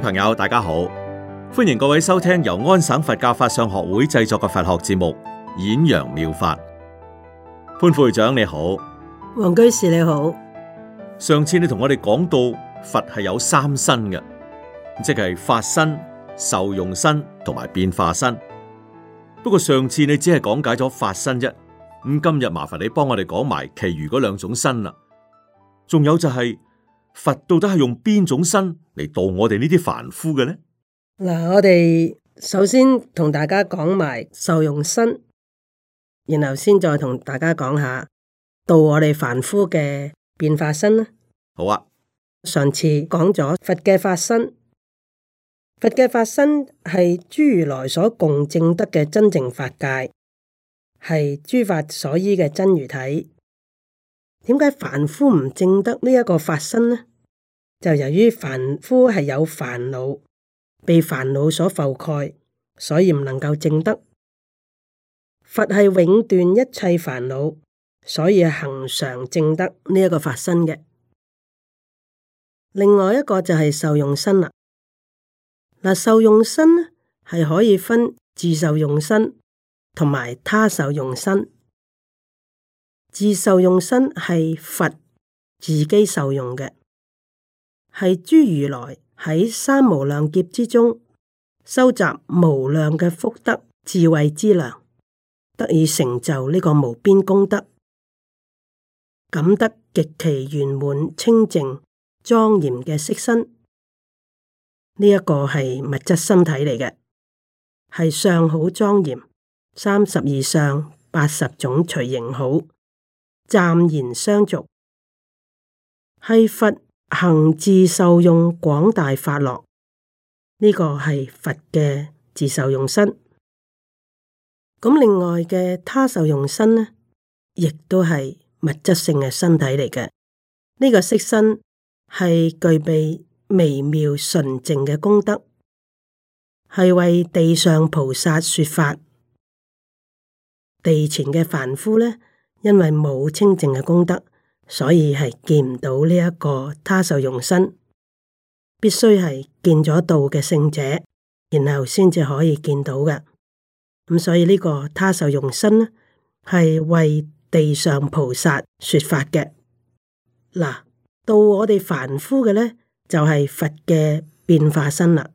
朋友，大家好，歡迎各位收聽由安省佛教法相學會製作嘅佛學節目《演揚妙，妙法》。潘副會長你好，黃居士你好。上次你同我哋講到佛係有三身嘅，即係法身、受用身同埋變化身。不過上次你只係講解咗法身啫，咁今日麻煩你幫我哋講埋其餘嗰兩種身啦。仲有就係、是。佛到底係用邊種身嚟度我哋呢啲凡夫嘅呢？嗱，我哋首先同大家講埋受用身，然後先再同大家講下度我哋凡夫嘅變化身啦。好啊，上次講咗佛嘅法身，佛嘅法身係諸如來所共證得嘅真正法界，係諸法所依嘅真如體。點解凡夫唔證得呢一個法身呢？就由於凡夫係有煩惱，被煩惱所覆蓋，所以唔能夠證得。佛係永斷一切煩惱，所以恆常證得呢一、這個法身嘅。另外一個就係受用身啦。嗱，受用身呢係可以分自受用身同埋他受用身。自受用身係佛自己受用嘅。係諸如來喺三無量劫之中收集無量嘅福德智慧之糧，得以成就呢個無邊功德，感得極其圓滿清、清淨、莊嚴嘅色身。呢、這、一個係物質身體嚟嘅，係上好莊嚴，三十二相、八十種隨形好，湛然相續，係佛，行自受用廣大法樂，呢個係佛嘅自受用身。咁另外嘅他受用身呢，亦都係物質性嘅身體嚟嘅。呢個色身係具備微妙純淨嘅功德，係為地上菩薩說法。地前嘅凡夫呢，因為冇清淨嘅功德，所以係見唔到呢一個他受用身，必須係見咗道嘅聖者，然後先至可以見到嘅。咁所以呢個他受用身呢，係為地上菩薩說法嘅。嗱，到我哋凡夫嘅呢，就係佛嘅變化身啦。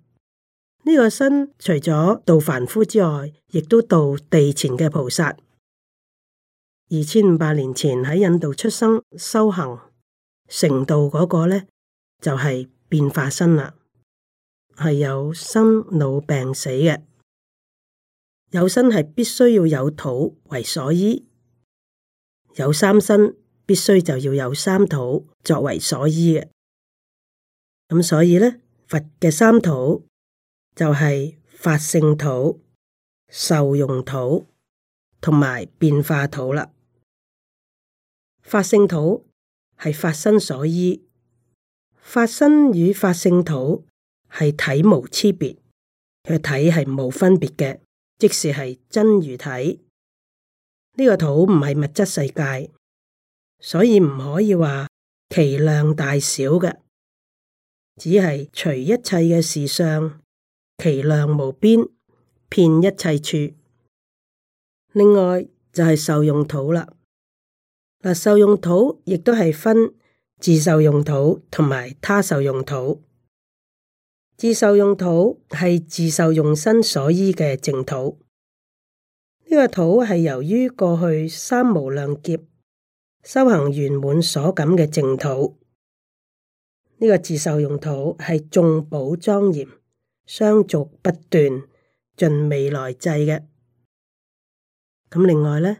呢個身除咗道凡夫之外，亦都到地前嘅菩薩。二千五百年前喺印度出生修行成道嗰個咧，就係變化身啦，係有生老病死嘅。有身係必須要有土為所依，有三身必須就要有三土作為所依嘅。咁所以咧，佛嘅三土就係法性土、受用土，同埋變化土啦，法性土係法身所依，法身與法性土係體無差別，佢體係無分別嘅，即使是係真如體。呢、這個土唔係物質世界，所以唔可以話其量大小嘅，只係隨一切嘅事相，其量無邊，遍一切處。另外就係受用土啦，嗱，受用土亦都係分自受用土同埋他受用土。自受用土係自受用身所依嘅淨土，呢個土係由於過去三無量劫修行圓滿所感嘅淨土。呢個自受用土係眾寶莊嚴、相續不斷、盡未來際嘅。咁另外呢，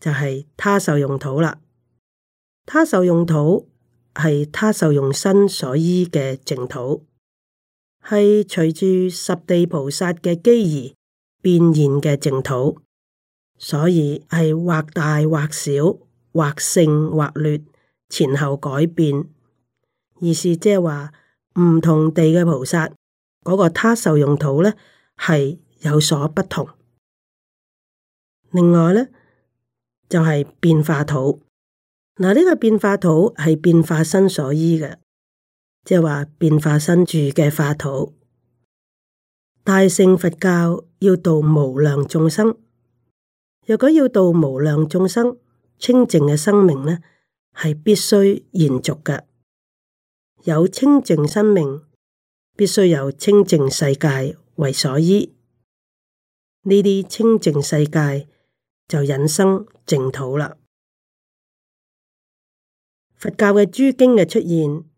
就係、是、他受用土啦。他受用土係他受用身所依嘅淨土，係隨住十地菩薩嘅機而變現嘅淨土，所以係或大或小，或勝或劣，前後改變，意思即係話唔同地嘅菩薩嗰、那個他受用土呢，係有所不同。另外呢，就係、是、變化土嗱。呢、這個變化土係變化身所依嘅，即係話變化身住嘅化土。大乘佛教要度無量眾生，若果要度無量眾生，清淨嘅生命呢係必須延續嘅。有清淨生命，必須有清淨世界為所依。呢啲清淨世界。就引生淨土啦。佛教嘅諸經嘅出現，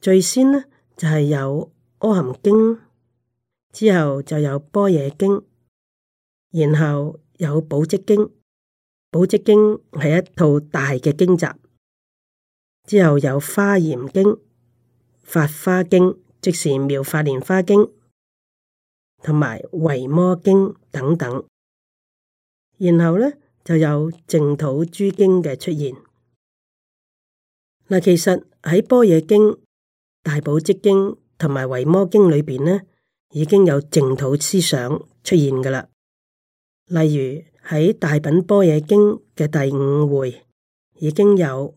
最先呢，就係、是、有阿含經，之後就有般若經，然後有寶積經。寶積經係一套大嘅經集，之後有華嚴經、法華經，即是妙法蓮華經，同埋維摩經等等。然後呢，就有淨土諸經嘅出現。嗱，其實喺般若經、大寶積經同埋維摩經裏面呢，已經有淨土思想出現㗎喇。例如喺大品般若經嘅第五回已經有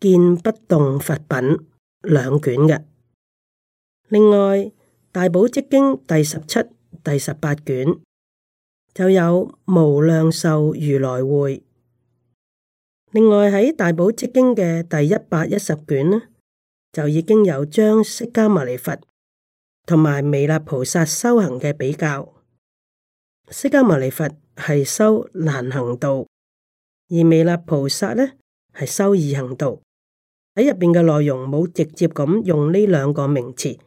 見不動佛品兩卷嘅。另外，大寶積經第十七、第十八卷。就有無量壽如來會。另外喺大寶積經嘅第一百一十卷呢，就已經有將釋迦牟尼佛同埋彌勒菩薩修行嘅比較。釋迦牟尼佛係修難行道，而彌勒菩薩呢係修易行道。喺入邊嘅內容冇直接咁用呢兩個名詞，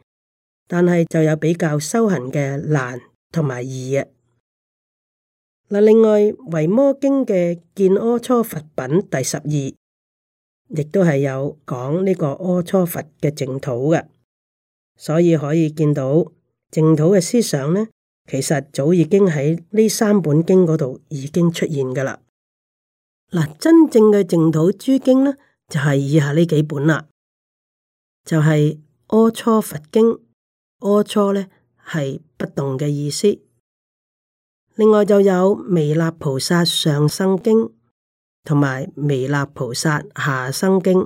但係就有比較修行嘅難同埋易嘅。另外《維摩經》嘅《見阿初佛品》第十二，亦都係有講呢個阿初佛嘅淨土嘅，所以可以見到淨土嘅思想呢，其實早已經喺呢三本經嗰度已經出現噶啦。嗱，真正嘅淨土諸經呢，就係以下呢幾本啦，就係《阿初佛經》，阿初呢，係不動嘅意思。另外就有彌勒菩薩上生經同埋彌勒菩薩下生經，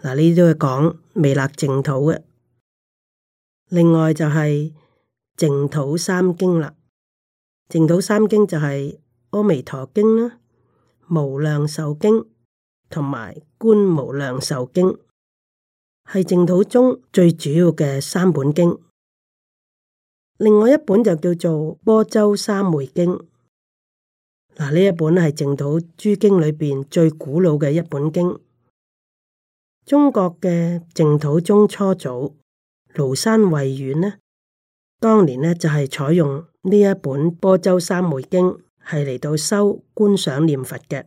嗱，呢啲都係講彌勒淨土嘅。另外就係淨土三經啦，淨土三經就係阿彌陀經啦、無量壽經同埋觀無量壽經，係淨土中最主要嘅三本經。另外一本就叫做《般舟三昧經》，嗱，呢一本係淨土諸經裏邊最古老嘅一本經。中國嘅淨土宗初祖廬山慧遠呢，當年呢就係採用呢一本《般舟三昧經》，係嚟到修觀想念佛嘅。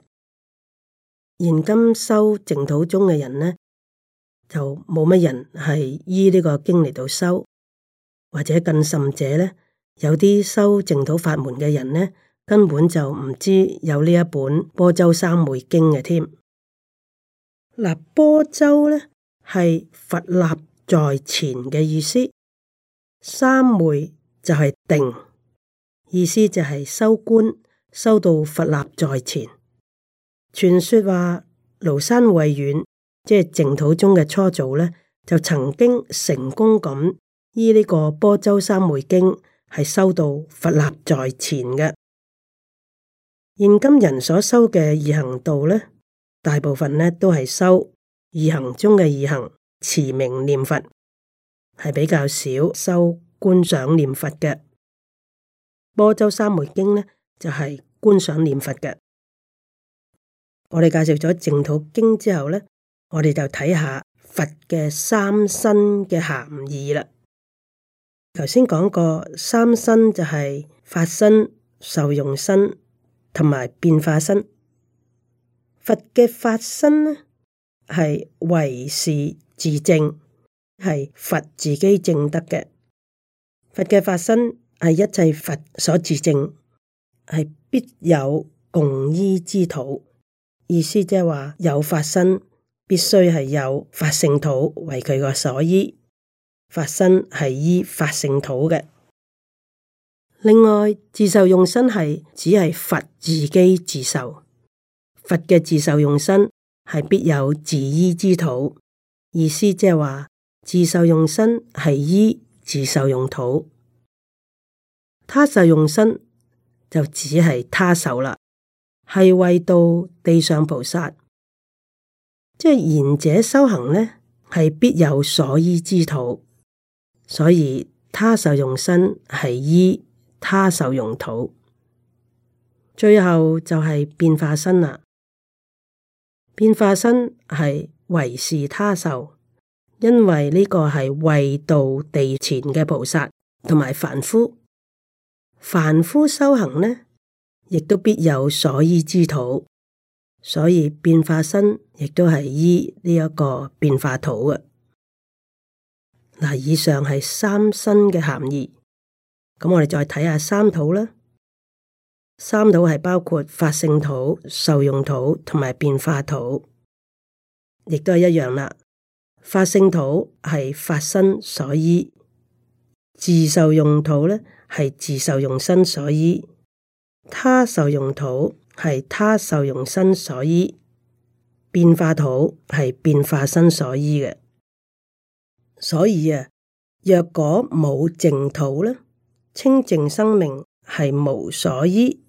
現今修淨土宗嘅人呢，就冇乜人係依呢個經嚟到修。或者更甚者呢，有啲修淨土法門嘅人呢，根本就唔知有呢一本《般舟三昧經》嘅添。嗱，般舟呢係佛立在前嘅意思，三昧就係定，意思就係修觀修到佛立在前。傳說話廬山慧遠即係淨土宗嘅初祖呢，就曾經成功咁。依呢、這個般舟三昧經，係修到佛立在前嘅，現今人所修嘅易行道呢，大部分呢都係修易行中嘅易行持名念佛，係比較少修觀想念佛嘅。般舟三昧經呢，就係、是、觀想念佛嘅。我哋介紹咗淨土經之後呢，我哋就睇下佛嘅三身嘅含義啦。頭先講過三身就係法身、受用身同埋變化身。佛嘅法身呢，係唯是自證，係佛自己證得嘅。佛嘅法身係一切佛所自證，係必有共依之土。意思即係話有法身，必須係有法性土為佢個所依。法身係依法性土嘅。另外，自受用身係只係佛自己自受，佛嘅自受用身係必有自依之土。意思即係話，自受用身係依自受用土，他受用身就只係他受啦，係為到地上菩薩，即係賢者修行呢，係必有所依之土。所以他受用身係依他受用土，最後就係變化身啦。變化身係為是他受，因為呢個係為度地前嘅菩薩同埋凡夫。凡夫修行呢，亦都必有所依之土，所以變化身亦都係依呢一個變化土啊。嗱，以上係三身嘅含義，咁我哋再睇下三土啦。三土係包括法性土、受用土同埋變化土，亦都係一樣啦。法性土係法身所依，自受用土咧係自受用身所依，他受用土係他受用身所依，變化土係變化身所依嘅。所以啊，若果冇淨土咧，清淨生命係無所依，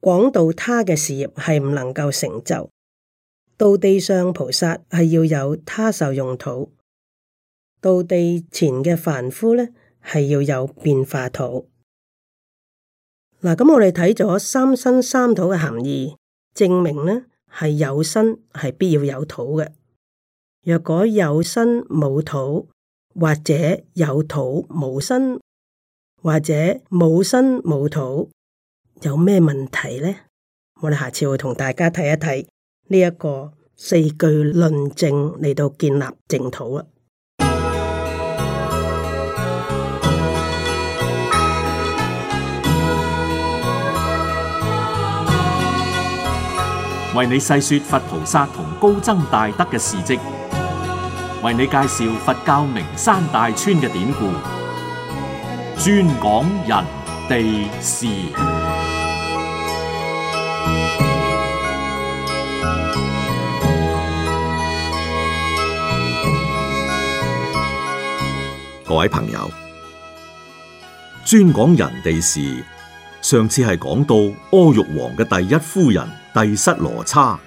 廣度他嘅事業係唔能夠成就。到地上菩薩係要有他受用土，到地前嘅凡夫咧係要有變化土。嗱，咁我哋睇咗三身三土嘅含義，證明咧係有身係必要有土嘅。若果有身冇土，或者有土冇身，或者冇身冇土，有咩問題呢？我哋下次會同大家睇一睇呢一個四句論證嚟到建立淨土啊！為你細說佛菩薩同高僧大德嘅事跡。為你介紹佛教名山大川嘅典故，專講人地事。各位朋友，專講人地事，上次係講到阿育王嘅第一夫人帝失羅差。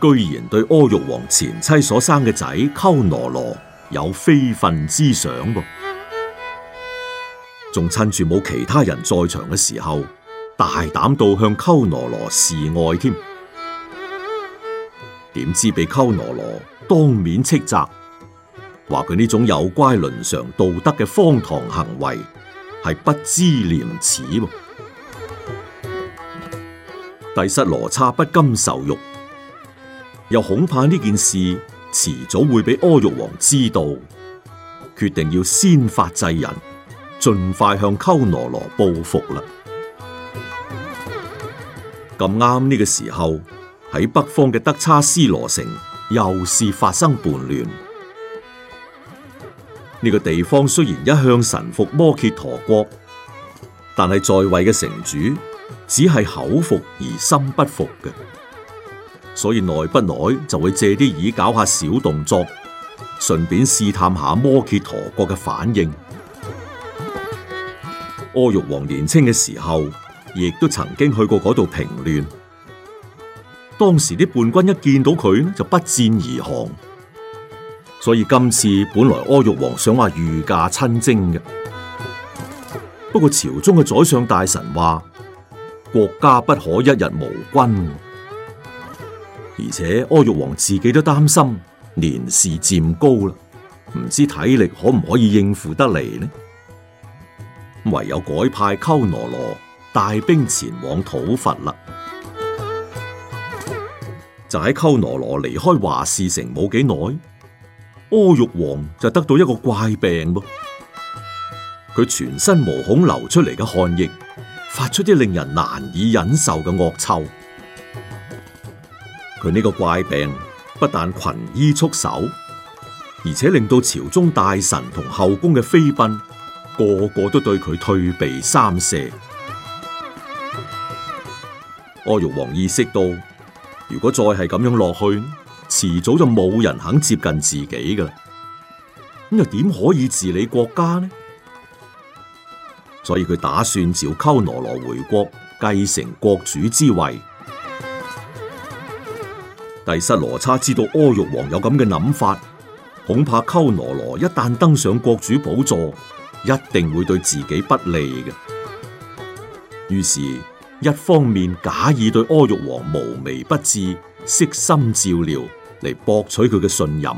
居然對阿育王前妻所生嘅仔鳩羅羅有非分之想噃，仲趁住冇其他人在場嘅時候，大膽到向鳩羅羅示愛添。點知被鳩羅羅當面斥責，話佢呢種有乖倫常道德嘅荒唐行為係不知廉恥。帝室羅差不甘受辱。又恐怕呢件事遲早會俾阿育王知道，決定要先發制人，盡快向鳩那羅報復啦。咁啱呢個時候，喺北方嘅德差斯羅城，又是發生叛亂。呢、這個地方雖然一向臣服摩羯陀國，但係在位嘅城主只係口服而心不服嘅。所以耐不耐就會借啲椅搞下小動作，順便試探下摩羯陀國嘅反應。阿育王年青嘅時候，亦都曾經去過嗰度平亂。當時啲叛軍一見到佢就不戰而降。所以今次本來阿育王想話御駕親征嘅，不過朝中嘅宰相大臣話，國家不可一日無君。而且阿育王自己都擔心年事漸高啦，唔知體力可唔可以應付得嚟呢？唯有改派鳩羅羅帶兵前往討伐啦。 就喺鳩羅羅離開華士城冇幾耐，阿育王就得到一個怪病噃，佢全身毛孔流出嚟嘅汗液，發出啲令人難以忍受嘅惡臭。佢呢個怪病不但群醫束手，而且令到朝中大臣同後宮嘅妃嬪個個都對佢退避三舍。阿、 哦、育王意識到，如果再係咁樣落去，遲早就冇人肯接近自己噶，咁又點可以治理國家呢？所以佢打算召鳩羅羅回國繼承國主之位。帝釋羅叉知道阿育王有咁嘅諗法，恐怕鳩羅羅一旦登上國主寶座，一定會對自己不利嘅。於是，一方面假意對阿育王無微不至、悉心照料嚟博取佢嘅信任，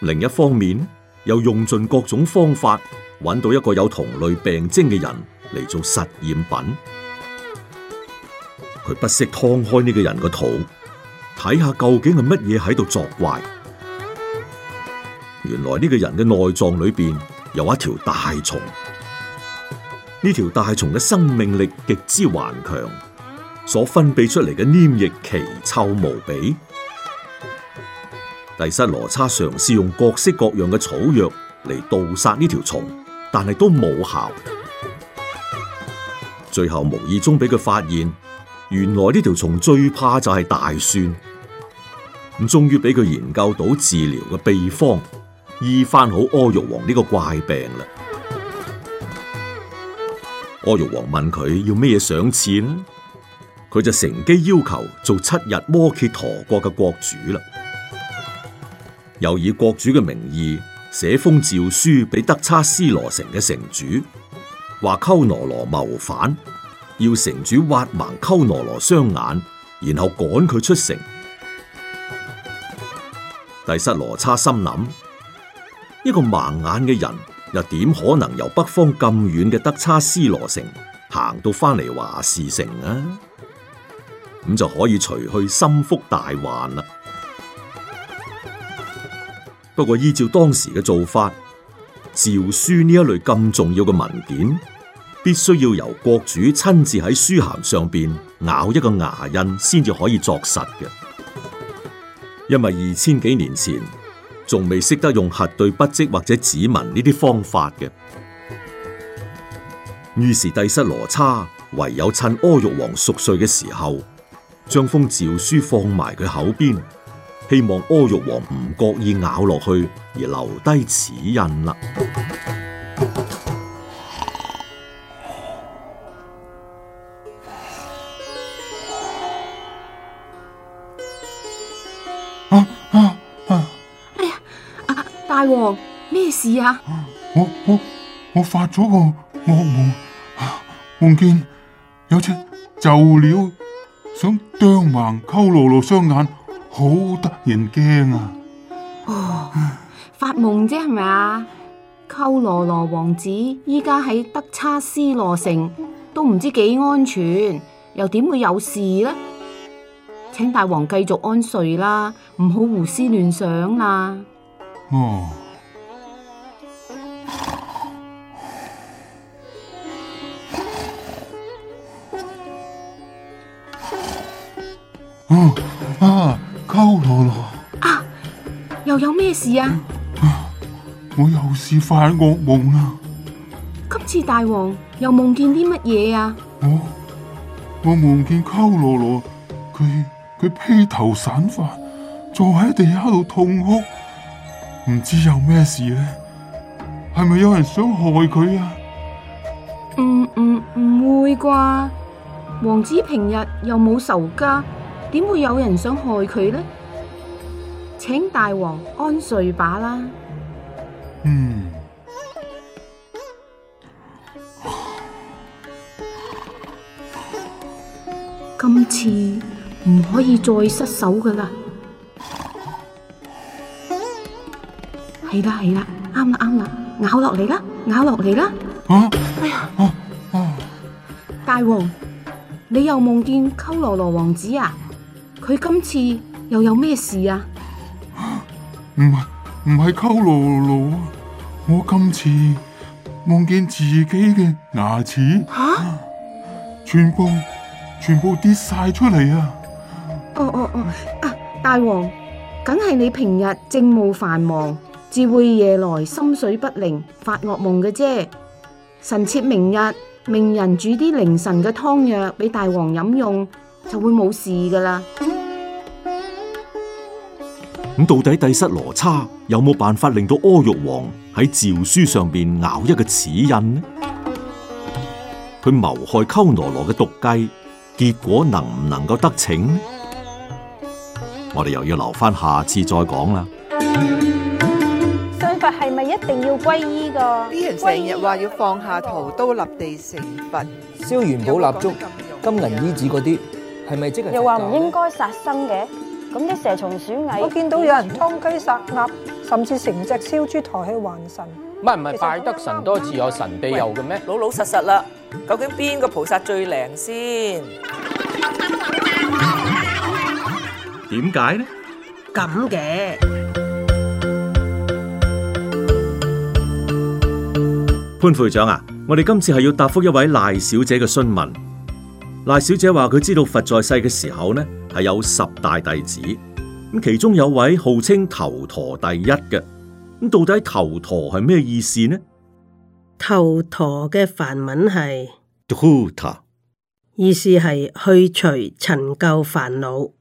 另一方面又用盡各種方法搵到一個有同類病徵嘅人嚟做實驗品。佢不惜剖開呢個人嘅肚。睇下究竟係乜嘢喺度作怪？原來呢個人嘅內臟裏邊有一條大蟲，呢條大蟲嘅生命力極之頑強，所分泌出嚟嘅黏液奇臭無比。第七羅叉嘗試用各式各樣嘅草藥嚟毒殺呢條蟲，但係都冇效。最後無意中俾佢發現，原來呢條蟲最怕就係大蒜。終於俾佢研究到治療嘅秘方，醫翻好阿育王呢個怪病啦！阿育王問佢要咩嘢賞錢，佢就乘機要求做七日摩羯陀國嘅國主啦。又以國主嘅名義寫封詔書俾德差斯羅城嘅城主，話鳩羅羅謀反，要城主挖盲鳩羅羅雙眼，然後趕佢出城。迷失羅叉心諗，一個盲眼嘅人又點可能由北方咁遠嘅德差斯羅城行到翻嚟華士城啊？咁就可以除去心腹大患啦。不過依照當時嘅做法，詔書呢一類咁重要嘅文件，必須要由國主親自喺書函上邊咬一個牙印，先至可以作實嘅。因為二千幾年前仲未識得用核對筆跡或者指紋呢啲方法嘅。於是帝室羅差，唯有趁阿育王熟睡嘅時候，將封詔書放埋佢口邊，希望阿育王唔覺意咬落去而留低齒印啦。大王，咩事啊？我我我發咗個噩夢，夢見有隻鷲鳥想啄盲摳羅羅雙眼，好得人驚啊！哦，發夢啫，係咪啊？摳羅羅王子依家喺德差斯羅城，都唔知幾安全，又點會有事呢？請大王繼續安睡啦，唔好胡思亂想啦。嗯、哦，啊，鳩羅羅啊，又有咩事啊，啊？我又是發惡夢啦。今次大王又夢見啲乜嘢啊？哦、我我夢見鳩羅羅，佢佢披頭散髮，坐喺地下度痛哭。唔知有咩事呢？係咪有人想害佢啊？唔唔唔會啩？王子平日又冇仇家，點會有人想害佢呢？請大王安睡吧啦。嗯。 今次唔可以再失手噶啦。係啦，係啦，啱啦，啱啦，咬落嚟啦，咬落嚟啦！嗯、啊，哎呀，啊啊、大王，你又夢見溝羅羅王子啊？佢今次又有咩事啊？唔係唔係溝羅羅，我今次夢見自己嘅牙齒，吓、啊啊，全部全部跌晒出嚟啊！哦哦哦，啊，啊大王，梗係你平日政務繁忙。自會夜來心水不寧，發惡夢嘅啫。臣妾明日命人煮啲凌晨嘅湯藥俾大王飲用，就會冇事噶啦。咁到底帝室羅差有冇辦法令到阿育王喺詔書上邊咬一個齒印呢？佢謀害鳩羅羅嘅毒計，結果能唔能夠得逞呢？我哋又要留翻下,下次再講啦。係咪一定要皈依噶？啲人成日話要放下屠刀立地成佛，燒元寶蠟燭、金銀衣紙嗰啲，係咪即係？又話唔應該殺生嘅，咁啲蛇蟲鼠蟻，我見到有人劏雞殺鴨，甚至成隻燒豬抬去還神。唔係唔係，拜得神多自有神庇佑嘅咩？老老實實啦，究竟邊個菩薩最靈先？點解呢？咁嘅。潘副會長啊，我哋今次係要答覆一位賴小姐嘅詢問。賴小姐話佢知道佛在世嘅時候呢，係有十大弟子，咁其中有位號稱頭陀第一嘅，咁到底頭陀係咩意思呢？頭陀嘅梵文係 dhūta，意思係去除塵垢煩惱，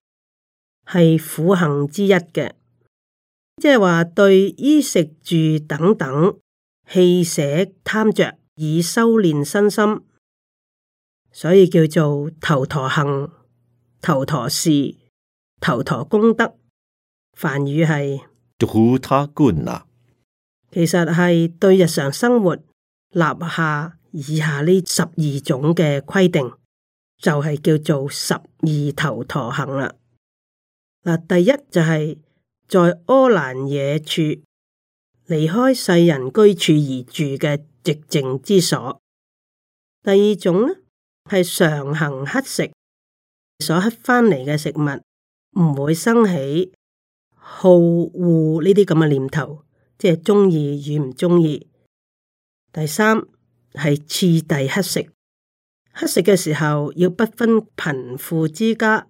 係苦行之一嘅，即係話，對衣食住等等。棄捨貪着以修煉身心，所以叫做頭陀行、頭陀事、頭陀功德。梵語係 dhutaguna，其實係對日常生活立下以下呢十二種嘅規定，就係、是、叫做十二頭陀行啦。嗱，第一就係在柯蘭野處。離開世人居住而住嘅寂靜之所。第二種呢係常行乞食，所乞返嚟嘅食物唔會生起好惡呢啲咁嘅念頭，即係鍾意與唔鍾意。第三係次第乞食，乞食嘅時候要不分貧富之家，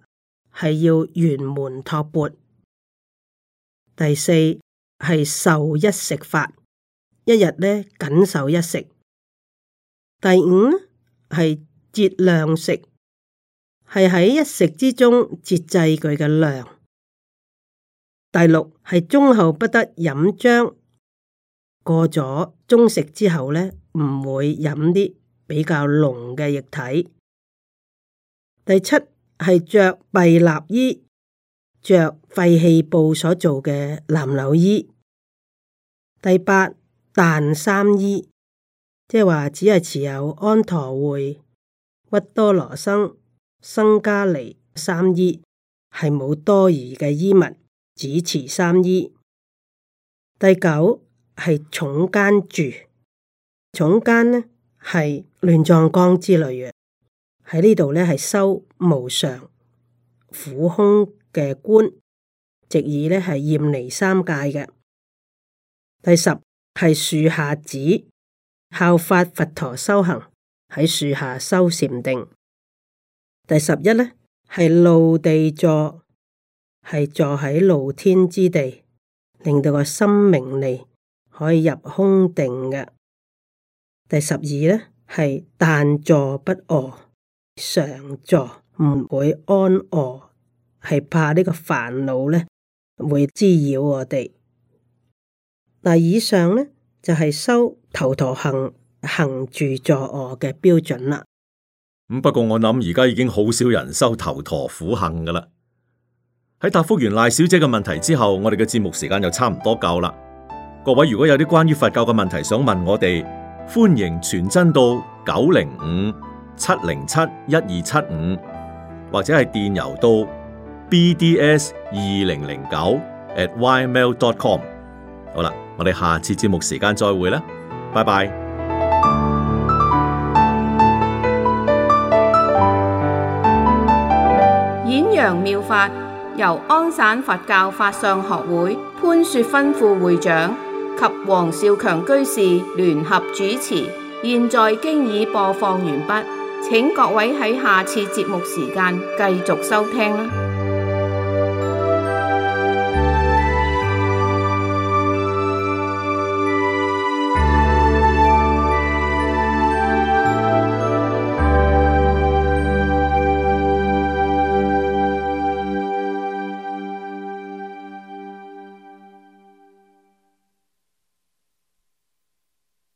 係要圓滿托缽。第四。係受一食法，一日呢僅受一食。第五呢係節量食，係喺一食之中節制佢嘅量。第六係中後不得飲漿，過咗中食之後呢，唔會飲啲比較濃嘅液體。第七係着弊納衣。着廢棄布所做嘅襤褸衣。第八，但三衣，即係話只係持有安陀會、鬱多羅僧、僧伽梨三衣，係冇多餘嘅衣物，只持三衣。第九係塚間住，塚間呢係亂葬崗之類嘅，喺呢度呢係修無常、苦空。嘅官，直意咧係厭離三界嘅。第十係樹下子，效法佛陀修行喺樹下修禪定。第十一咧係露地坐，係坐喺露天之地，令到個心明利，可以入空定嘅。第十二咧係但坐不臥，常坐唔會安臥。係怕呢個煩惱咧，會滋擾我哋。嗱，以上咧就係修頭陀行行住坐臥嘅標準啦。咁、嗯、不過我諗而家已經好少人修頭陀苦行噶啦。喺答復完賴小姐嘅問題之後，我哋嘅節目時間就差唔多夠啦。各位如果有啲關於佛教嘅問題想問我哋，歡迎傳真到九零五七零七一二七五，75，或者係電郵到。bds 二零零九 at ymail dot com，好啦，我哋下次節目時間再會啦，拜拜。演揚妙法由安省佛教法相學會潘雪芬副會長及黃少強居士聯合主持，現在經已播放完畢，請各位喺下次節目時間繼續收聽啦。